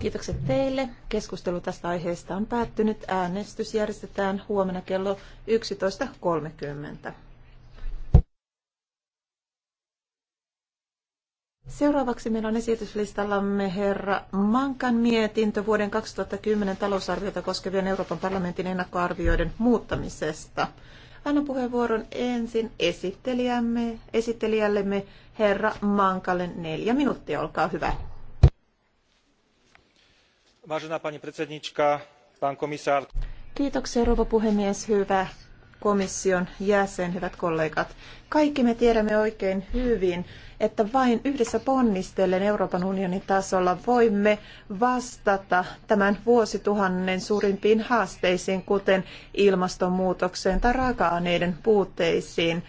Kiitokset teille. Keskustelu tästä aiheesta on päättynyt. Äänestys järjestetään huomenna kello 11.30. Seuraavaksi meillä on esityslistallamme herra Mankan mietintö vuoden 2010 talousarviota koskevien Euroopan parlamentin ennakkoarvioiden muuttamisesta. Annan puheenvuoron ensin esittelijämme, esittelijällemme herra Mankalle. Neljä minuuttia, olkaa hyvä. Vážená pani predsednička, pán komisár. Kiitoksia, rouva puhemies. Hyvä komission jäsen, hyvät kollegat. Kaikki me tiedämme oikein hyvin, että vain yhdessä ponnistellen Euroopan unionin tasolla voimme vastata tämän vuosituhannen suurimpiin haasteisiin, kuten ilmastonmuutokseen tai raaka-aineiden puutteisiin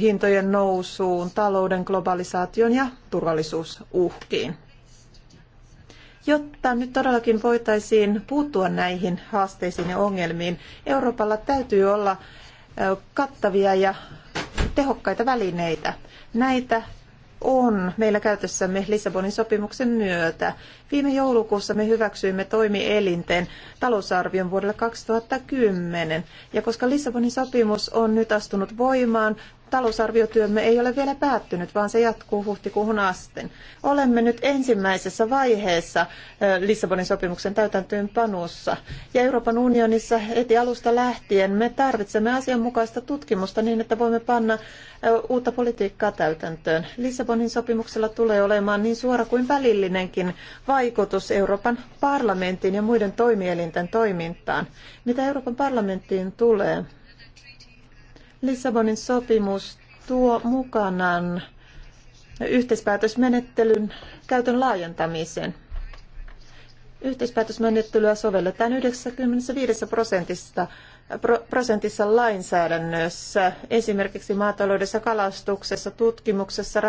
hintojen nousuun, talouden globalisaation ja turvallisuusuhkiin. Jotta nyt todellakin voitaisiin puuttua näihin haasteisiin ja ongelmiin, Euroopalla täytyy olla kattavia ja tehokkaita välineitä. Näitä on meillä käytössämme Lissabonin sopimuksen myötä. Viime joulukuussa me hyväksyimme toimielinten talousarvion vuodelle 2010. Ja koska Lissabonin sopimus on nyt astunut voimaan, talousarviotyömme ei ole vielä päättynyt, vaan se jatkuu huhtikuuhun asti. Olemme nyt ensimmäisessä vaiheessa Lissabonin sopimuksen täytäntöönpanossa. Ja Euroopan unionissa heti alusta lähtien me tarvitsemme asianmukaista tutkimusta niin, että voimme panna uutta politiikkaa täytäntöön. Lissabonin sopimuksella tulee olemaan niin suora kuin välillinenkin vaikutus Euroopan parlamentin ja muiden toimielinten toimintaan. Mitä Euroopan parlamenttiin tulee, Lissabonin sopimus tuo mukanaan yhteispäätösmenettelyn käytön laajentamisen. Yhteispäätösmenettelyä sovelletaan 95 prosentista, prosentissa lainsäädännössä, esimerkiksi maataloudessa, kalastuksessa, tutkimuksessa,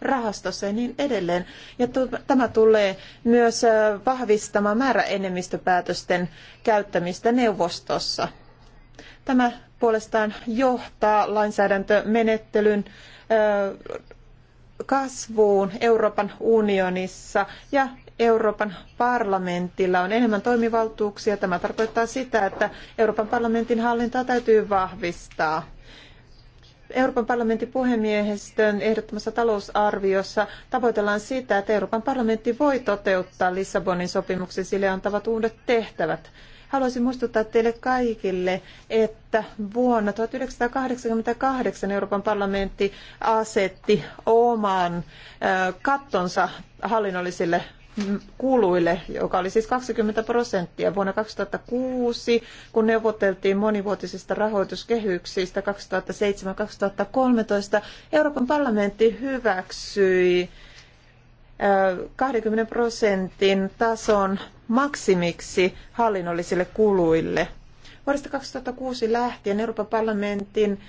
rahastossa ja niin edelleen. Ja tämä tulee myös vahvistamaan määräenemmistöpäätösten käyttämistä neuvostossa. Tämä puolestaan johtaa lainsäädäntömenettelyn kasvuun Euroopan unionissa ja Euroopan parlamentilla on enemmän toimivaltuuksia. Tämä tarkoittaa sitä, että Euroopan parlamentin hallintaa täytyy vahvistaa. Euroopan parlamentin puhemiehistön ehdottomassa talousarviossa tavoitellaan sitä, että Euroopan parlamentti voi toteuttaa Lissabonin sopimuksen sille antavat uudet tehtävät. Haluaisin muistuttaa teille kaikille, että vuonna 1988 Euroopan parlamentti asetti oman kattonsa hallinnollisille mm, kuluille, joka oli siis 20 prosenttia vuonna 2006, kun neuvoteltiin monivuotisista rahoituskehyksistä 2007-2013. Euroopan parlamentti hyväksyi 20 prosentin tason maksimiksi hallinnollisille kuluille. Vuodesta 2006 lähtien Euroopan parlamentin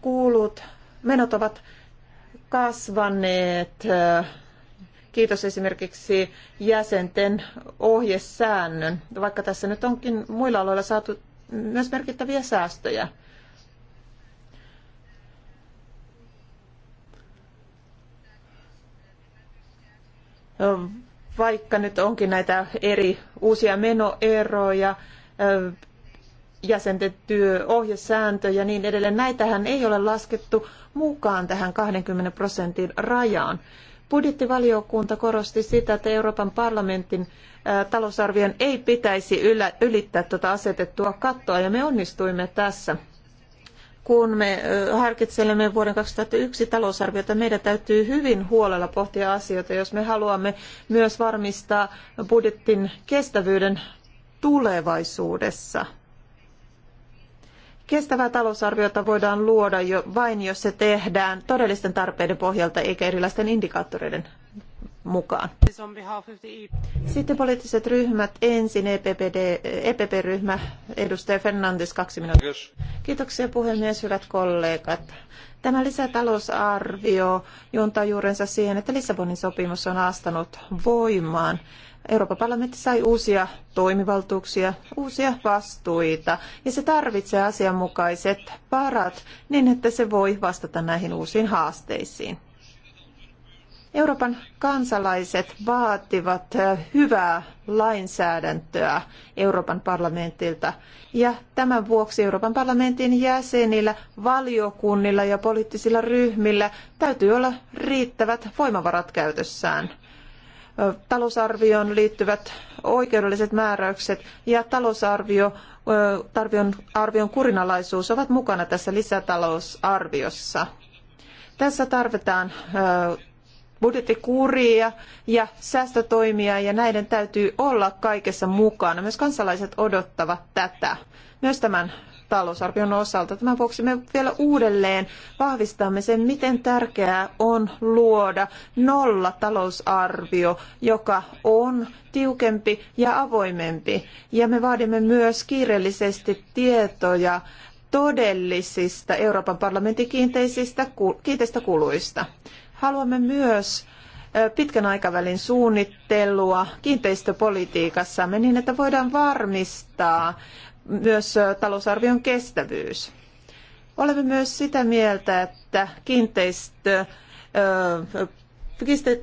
kuulut, menot ovat kasvaneet. Kiitos esimerkiksi jäsenten ohjesäännön, vaikka tässä nyt onkin muilla aloilla saatu myös merkittäviä säästöjä vaikka nyt onkin näitä eri uusia menoeroja, jäsenten työohjesääntö ja niin edelleen, näitähän ei ole laskettu mukaan tähän 20 prosentin rajaan. Budjettivaliokunta korosti sitä, että Euroopan parlamentin talousarvion ei pitäisi ylittää tuota asetettua kattoa, ja me onnistuimme tässä kun me harkitselemme vuoden 2001 talousarviota, meidän täytyy hyvin huolella pohtia asioita, jos me haluamme myös varmistaa budjetin kestävyyden tulevaisuudessa. Kestävää talousarviota voidaan luoda jo vain, jos se tehdään todellisten tarpeiden pohjalta eikä erilaisten indikaattoreiden mukaan. Sitten poliittiset ryhmät. Ensin EPPD, EPP-ryhmä, edustaja Fernandes, kaksi minuuttia. Kiitoksia puhemies, hyvät kollegat. Tämä lisätalousarvio juontaa juurensa siihen, että Lissabonin sopimus on astanut voimaan. Euroopan parlamentti sai uusia toimivaltuuksia, uusia vastuita ja se tarvitsee asianmukaiset varat niin, että se voi vastata näihin uusiin haasteisiin. Euroopan kansalaiset vaativat hyvää lainsäädäntöä Euroopan parlamentilta ja tämän vuoksi Euroopan parlamentin jäsenillä, valiokunnilla ja poliittisilla ryhmillä täytyy olla riittävät voimavarat käytössään talousarvioon liittyvät oikeudelliset määräykset ja talousarvio tarvion, arvion kurinalaisuus ovat mukana tässä lisätalousarviossa. Tässä tarvitaan budjettikuria ja säästötoimia ja näiden täytyy olla kaikessa mukana. Myös kansalaiset odottavat tätä. Myös tämän talousarvion osalta. Tämän vuoksi me vielä uudelleen vahvistamme sen, miten tärkeää on luoda nolla talousarvio, joka on tiukempi ja avoimempi. Ja me vaadimme myös kiireellisesti tietoja todellisista Euroopan parlamentin kiinteisistä, kiinteistä kuluista. Haluamme myös pitkän aikavälin suunnittelua kiinteistöpolitiikassamme niin, että voidaan varmistaa myös talousarvion kestävyys. Olemme myös sitä mieltä, että kiinteistö,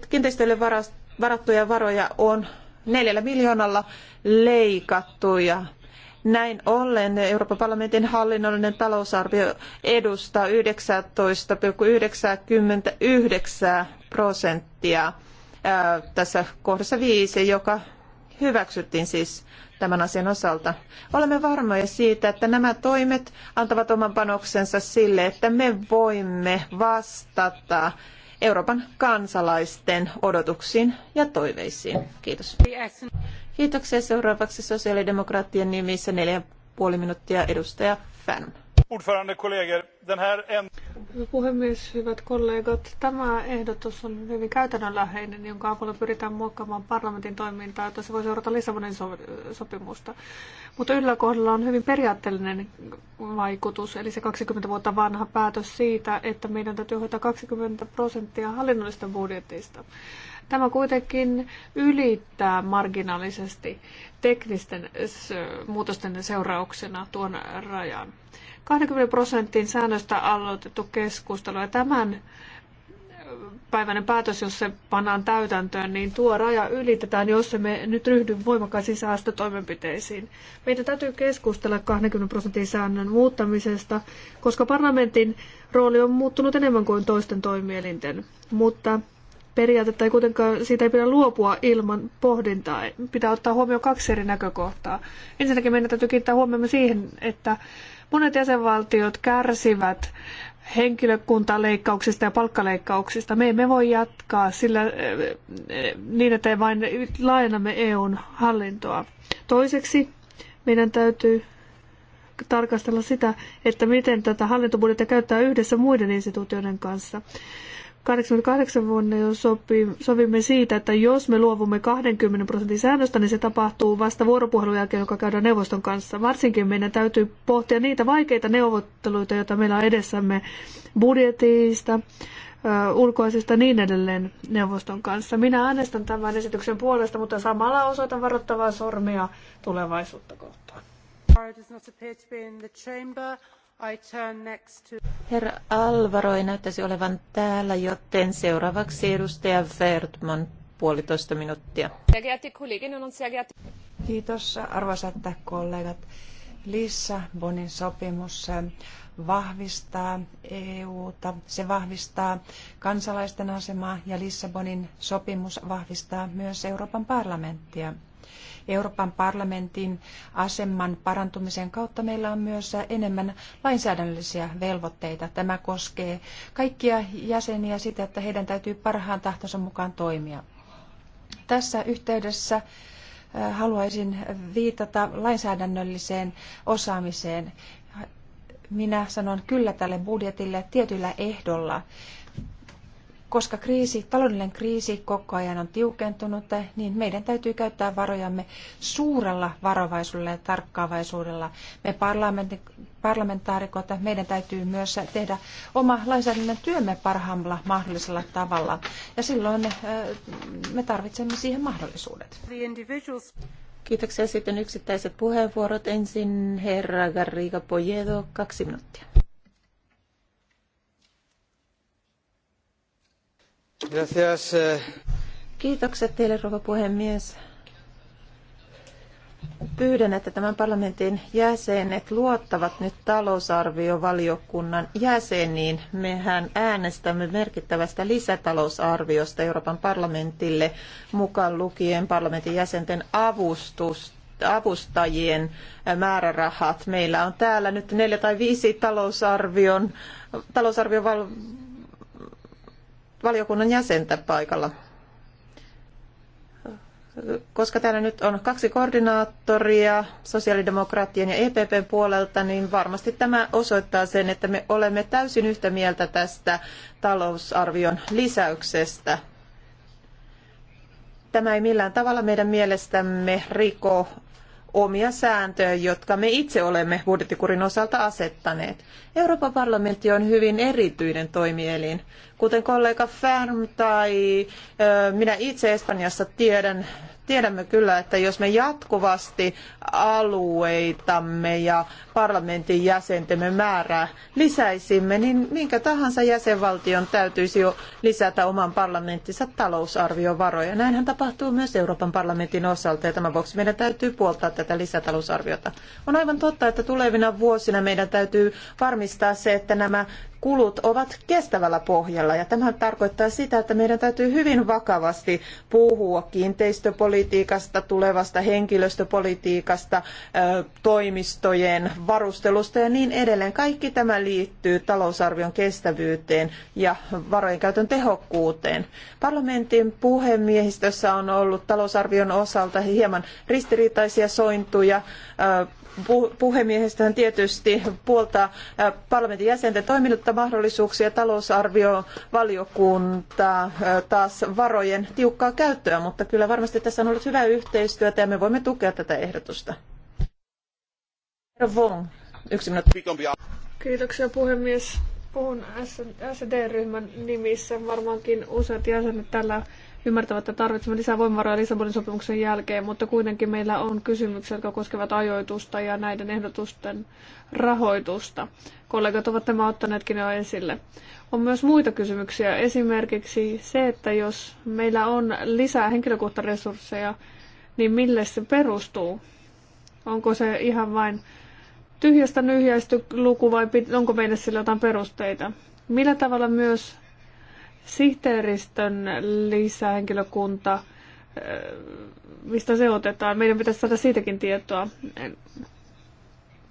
kiinteistöille varattuja varoja on neljällä miljoonalla leikattu ja näin ollen Euroopan parlamentin hallinnollinen talousarvio edustaa 19,99 prosenttia tässä kohdassa viisi, joka hyväksyttiin siis tämän asian osalta. Olemme varmoja siitä, että nämä toimet antavat oman panoksensa sille, että me voimme vastata Euroopan kansalaisten odotuksiin ja toiveisiin. Kiitos. Kiitoksia seuraavaksi sosiaalidemokraattien nimissä neljä puoli minuuttia edustaja Färm. Ordförande kolleger, Puhemies, hyvät kollegat, tämä ehdotus on hyvin käytännönläheinen, jonka avulla pyritään muokkaamaan parlamentin toimintaa, jotta se voi seurata Lissabonin so- sopimusta. Mutta kohdalla on hyvin periaatteellinen vaikutus, eli se 20 vuotta vanha päätös siitä, että meidän täytyy hoitaa 20 prosenttia hallinnollisesta budjetista. Tämä kuitenkin ylittää marginaalisesti teknisten muutosten seurauksena tuon rajan. 20 prosentin säännöstä aloitettu keskustelu ja tämän päiväinen päätös, jos se pannaan täytäntöön, niin tuo raja ylitetään, jos me nyt ryhdy voimakkaisiin säästötoimenpiteisiin. Meidän täytyy keskustella 20 prosentin säännön muuttamisesta, koska parlamentin rooli on muuttunut enemmän kuin toisten toimielinten. Mutta periaatetta ei kuitenkaan, siitä ei pidä luopua ilman pohdintaa. Pitää ottaa huomioon kaksi eri näkökohtaa. Ensinnäkin meidän täytyy kiinnittää huomioon siihen, että monet jäsenvaltiot kärsivät henkilökuntaleikkauksista ja palkkaleikkauksista. Me emme voi jatkaa sillä, eh, eh, niin, että vain laajennamme EUn hallintoa. Toiseksi meidän täytyy tarkastella sitä, että miten tätä hallintobudjettia käyttää yhdessä muiden instituutioiden kanssa. 88 vuonna jo sopi, sovimme siitä, että jos me luovumme 20 prosentin säännöstä, niin se tapahtuu vasta vuoropuhelun jälkeen, joka käydään neuvoston kanssa. Varsinkin meidän täytyy pohtia niitä vaikeita neuvotteluita, joita meillä on edessämme budjetista, ulkoisista niin edelleen neuvoston kanssa. Minä äänestän tämän esityksen puolesta, mutta samalla osoitan varoittavaa sormia tulevaisuutta kohtaan. Herra Alvaro ei näyttäisi olevan täällä, joten seuraavaksi edustaja Vertman puolitoista minuuttia. Kiitos arvoisat kollegat. Lissabonin sopimus äh, vahvistaa EUta, se vahvistaa kansalaisten asemaa ja Lissabonin sopimus vahvistaa myös Euroopan parlamenttia. Euroopan parlamentin aseman parantumisen kautta meillä on myös enemmän lainsäädännöllisiä velvoitteita. Tämä koskee kaikkia jäseniä sitä, että heidän täytyy parhaan tahtonsa mukaan toimia. Tässä yhteydessä äh, haluaisin viitata lainsäädännölliseen osaamiseen. Minä sanon kyllä tälle budjetille tietyllä ehdolla koska kriisi, taloudellinen kriisi koko ajan on tiukentunut, niin meidän täytyy käyttää varojamme suurella varovaisuudella ja tarkkaavaisuudella. Me parlamentaarikot, meidän täytyy myös tehdä oma lainsäädännön työmme parhaimmalla mahdollisella tavalla. Ja silloin me tarvitsemme siihen mahdollisuudet. Kiitoksia. Sitten yksittäiset puheenvuorot. Ensin herra Garriga Pojedo, kaksi minuuttia. Gracias. Eh. Kiitokset teille, rouva puhemies. Pyydän, että tämän parlamentin jäsenet luottavat nyt talousarviovaliokunnan jäseniin. Mehän äänestämme merkittävästä lisätalousarviosta Euroopan parlamentille mukaan lukien parlamentin jäsenten avustus, avustajien määrärahat. Meillä on täällä nyt neljä tai viisi talousarvion, talousarvion valiokunnan jäsentä paikalla. Koska täällä nyt on kaksi koordinaattoria sosiaalidemokraattien ja EPPn puolelta, niin varmasti tämä osoittaa sen, että me olemme täysin yhtä mieltä tästä talousarvion lisäyksestä. Tämä ei millään tavalla meidän mielestämme riko omia sääntöjä, jotka me itse olemme budjettikurin osalta asettaneet. Euroopan parlamentti on hyvin erityinen toimielin. Kuten kollega Färm tai minä itse Espanjassa tiedän, tiedämme kyllä, että jos me jatkuvasti alueitamme ja parlamentin jäsentemme määrää lisäisimme, niin minkä tahansa jäsenvaltion täytyisi jo lisätä oman parlamenttinsa talousarviovaroja. Näinhän tapahtuu myös Euroopan parlamentin osalta ja tämän vuoksi meidän täytyy puoltaa tätä lisätalousarviota. On aivan totta, että tulevina vuosina meidän täytyy varmistaa, varmistaa se, että nämä kulut ovat kestävällä pohjalla. Ja tämä tarkoittaa sitä, että meidän täytyy hyvin vakavasti puhua kiinteistöpolitiikasta, tulevasta henkilöstöpolitiikasta, toimistojen varustelusta ja niin edelleen. Kaikki tämä liittyy talousarvion kestävyyteen ja varojen käytön tehokkuuteen. Parlamentin puhemiehistössä on ollut talousarvion osalta hieman ristiriitaisia sointuja Puhemiehistöhän tietysti puoltaa parlamentin jäsenten toimintaa, muita mahdollisuuksia talousarviovaliokunta taas varojen tiukkaa käyttöä, mutta kyllä varmasti tässä on ollut hyvää yhteistyötä ja me voimme tukea tätä ehdotusta. yksi minuutti. Kiitoksia puhemies. Puhun SD-ryhmän nimissä. Varmaankin useat jäsenet tällä ymmärtävät, että tarvitsemme lisää voimavaroja Lissabonin sopimuksen jälkeen, mutta kuitenkin meillä on kysymyksiä, jotka koskevat ajoitusta ja näiden ehdotusten rahoitusta. Kollegat ovat tämä ottaneetkin jo esille. On myös muita kysymyksiä, esimerkiksi se, että jos meillä on lisää henkilökohtaresursseja, niin mille se perustuu? Onko se ihan vain tyhjästä nyhjäisty luku vai onko meidän sillä jotain perusteita? Millä tavalla myös sihteeristön lisähenkilökunta, mistä se otetaan? Meidän pitäisi saada siitäkin tietoa.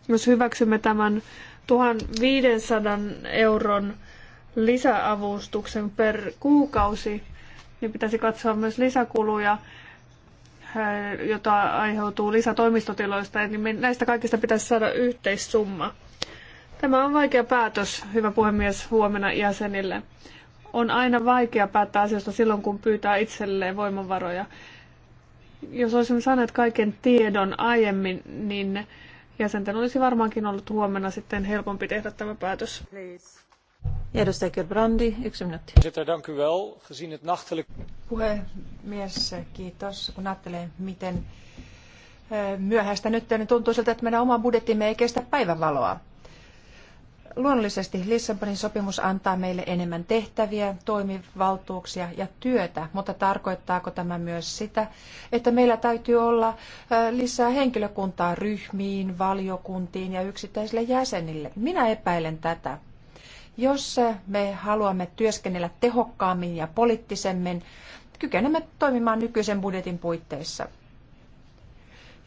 Jos hyväksymme tämän 1500 euron lisäavustuksen per kuukausi, niin pitäisi katsoa myös lisäkuluja Äh, jota aiheutuu lisätoimistotiloista, niin näistä kaikista pitäisi saada yhteissumma. Tämä on vaikea päätös, hyvä puhemies, huomenna jäsenille. On aina vaikea päättää asioista silloin, kun pyytää itselleen voimavaroja. Jos olisimme saaneet kaiken tiedon aiemmin, niin jäsenten olisi varmaankin ollut huomenna sitten helpompi tehdä tämä päätös. Please. Edustaja Gerbrandi, yksi minuutti. Puhemies, kiitos. Kun ajattelee, miten eh, myöhäistä nyt, niin tuntuu siltä, että meidän oma budjettimme ei kestä päivänvaloa. Luonnollisesti Lissabonin sopimus antaa meille enemmän tehtäviä, toimivaltuuksia ja työtä, mutta tarkoittaako tämä myös sitä, että meillä täytyy olla eh, lisää henkilökuntaa ryhmiin, valiokuntiin ja yksittäisille jäsenille? Minä epäilen tätä. Jos me haluamme työskennellä tehokkaammin ja poliittisemmin, kykenemme toimimaan nykyisen budjetin puitteissa.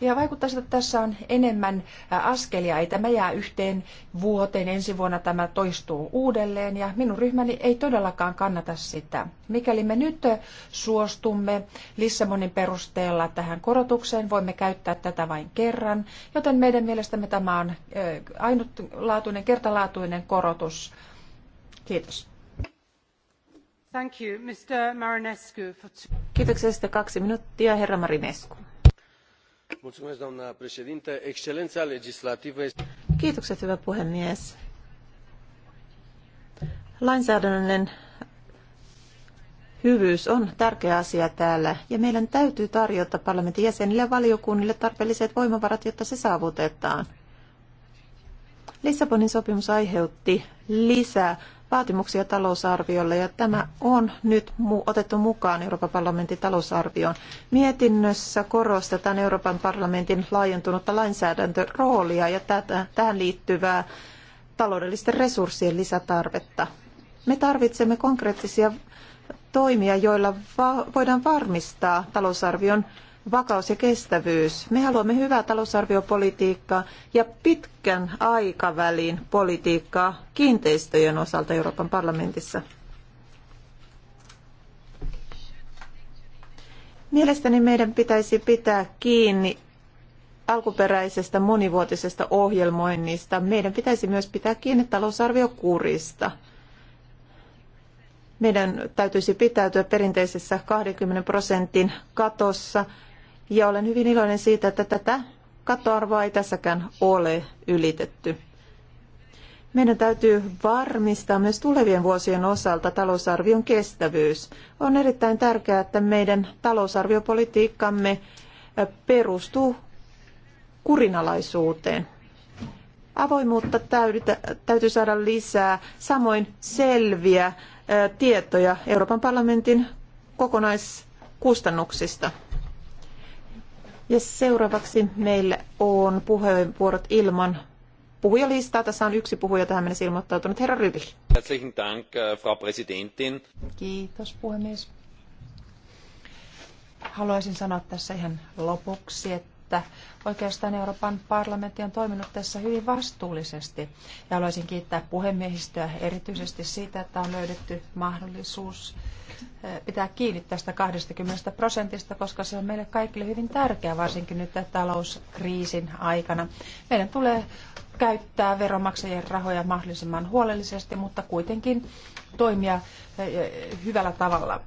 Ja vaikuttaa siltä, että tässä on enemmän askelia. Ei tämä jää yhteen vuoteen. Ensi vuonna tämä toistuu uudelleen ja minun ryhmäni ei todellakaan kannata sitä. Mikäli me nyt suostumme Lissabonin perusteella tähän korotukseen, voimme käyttää tätä vain kerran, joten meidän mielestämme tämä on ainutlaatuinen, kertalaatuinen korotus Kiitos. Thank Kiitoksia sitten kaksi minuuttia, herra Marinescu. Mulțumesc, doamna președinte. Excelența legislativă este... Kiitokset, hyvä puhemies. Lainsäädännön hyvyys on tärkeä asia täällä ja meidän täytyy tarjota parlamentin jäsenille ja valiokunnille tarpeelliset voimavarat, jotta se saavutetaan. Lissabonin sopimus aiheutti lisää vaatimuksia talousarviolle ja tämä on nyt otettu mukaan Euroopan parlamentin talousarvioon. Mietinnössä korostetaan Euroopan parlamentin laajentunutta lainsäädäntöroolia ja tätä, tähän liittyvää taloudellisten resurssien lisätarvetta. Me tarvitsemme konkreettisia toimia, joilla voidaan varmistaa talousarvion vakaus ja kestävyys. Me haluamme hyvää talousarviopolitiikkaa ja pitkän aikavälin politiikkaa kiinteistöjen osalta Euroopan parlamentissa. Mielestäni meidän pitäisi pitää kiinni alkuperäisestä monivuotisesta ohjelmoinnista. Meidän pitäisi myös pitää kiinni talousarviokurista. Meidän täytyisi pitäytyä perinteisessä 20 prosentin katossa ja olen hyvin iloinen siitä, että tätä kattoarvoa ei tässäkään ole ylitetty. Meidän täytyy varmistaa myös tulevien vuosien osalta talousarvion kestävyys. On erittäin tärkeää, että meidän talousarviopolitiikkamme perustuu kurinalaisuuteen. Avoimuutta täytyy saada lisää, samoin selviä tietoja Euroopan parlamentin kokonaiskustannuksista. Ja seuraavaksi meillä on puheenvuorot ilman puhujalistaa. Tässä on yksi puhuja tähän mennessä ilmoittautunut. Herra Ryvi. Herzlichen Dank, äh, Frau Präsidentin. Kiitos, puhemies. Haluaisin sanoa tässä ihan lopuksi, että että oikeastaan Euroopan parlamentti on toiminut tässä hyvin vastuullisesti. Ja haluaisin kiittää puhemiehistöä erityisesti siitä, että on löydetty mahdollisuus eh, pitää kiinni tästä 20 prosentista, koska se on meille kaikille hyvin tärkeää, varsinkin nyt talouskriisin aikana. Meidän tulee käyttää veronmaksajien rahoja mahdollisimman huolellisesti, mutta kuitenkin toimia eh, eh, hyvällä tavalla.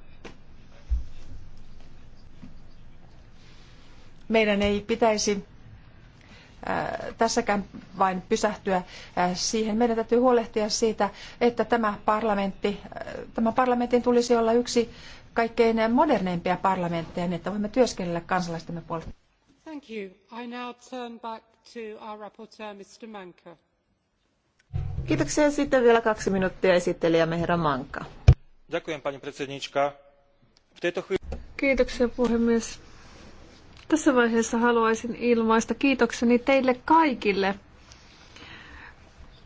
Meidän ei pitäisi äh, tässäkään vain pysähtyä äh, siihen. Meidän täytyy huolehtia siitä, että tämä parlamentti, äh, tämä parlamentin tulisi olla yksi kaikkein moderneimpia parlamentteja, niin että voimme työskennellä kansalaistemme puolesta. Thank you. I now turn back to our rapporteur, Mr. Manka. Kiitoksia. Sitten vielä kaksi minuuttia esittelijämme herra Manka. Kiitoksia puhemies. Tässä vaiheessa haluaisin ilmaista kiitokseni teille kaikille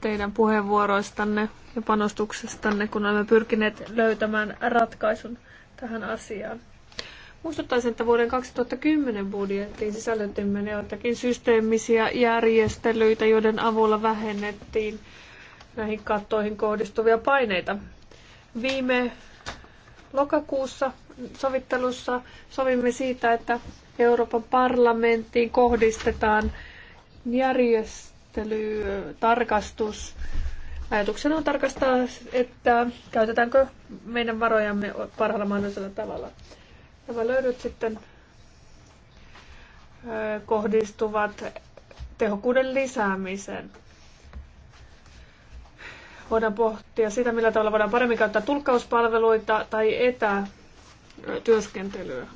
teidän puheenvuoroistanne ja panostuksestanne, kun olemme pyrkineet löytämään ratkaisun tähän asiaan. Muistuttaisin, että vuoden 2010 budjettiin sisällytimme joitakin systeemisiä järjestelyitä, joiden avulla vähennettiin näihin kattoihin kohdistuvia paineita. Viime lokakuussa sovittelussa sovimme siitä, että Euroopan parlamenttiin kohdistetaan järjestelytarkastus. Ajatuksena on tarkastaa, että käytetäänkö meidän varojamme parhaalla mahdollisella tavalla. Nämä löydöt sitten kohdistuvat tehokkuuden lisäämiseen. Voidaan pohtia sitä, millä tavalla voidaan paremmin käyttää tulkkauspalveluita tai etätyöskentelyä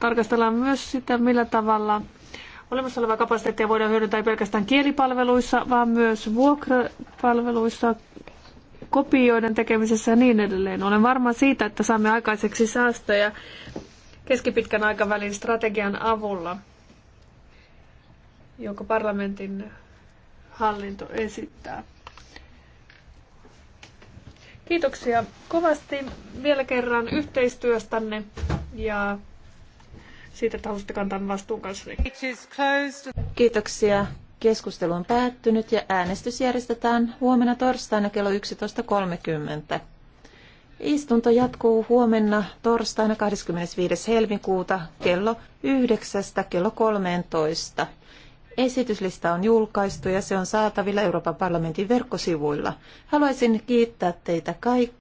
tarkastellaan myös sitä, millä tavalla olemassa olevaa kapasiteettia voidaan hyödyntää ei pelkästään kielipalveluissa, vaan myös vuokrapalveluissa, kopioiden tekemisessä ja niin edelleen. Olen varma siitä, että saamme aikaiseksi säästöjä keskipitkän aikavälin strategian avulla, jonka parlamentin hallinto esittää. Kiitoksia kovasti vielä kerran yhteistyöstänne ja siitä, että halusitte kantaa vastuun kanssani. Kiitoksia. Keskustelu on päättynyt ja äänestys järjestetään huomenna torstaina kello 11.30. Istunto jatkuu huomenna torstaina 25. helmikuuta kello 9. kello 13. Esityslista on julkaistu ja se on saatavilla Euroopan parlamentin verkkosivuilla. Haluaisin kiittää teitä kaikkia.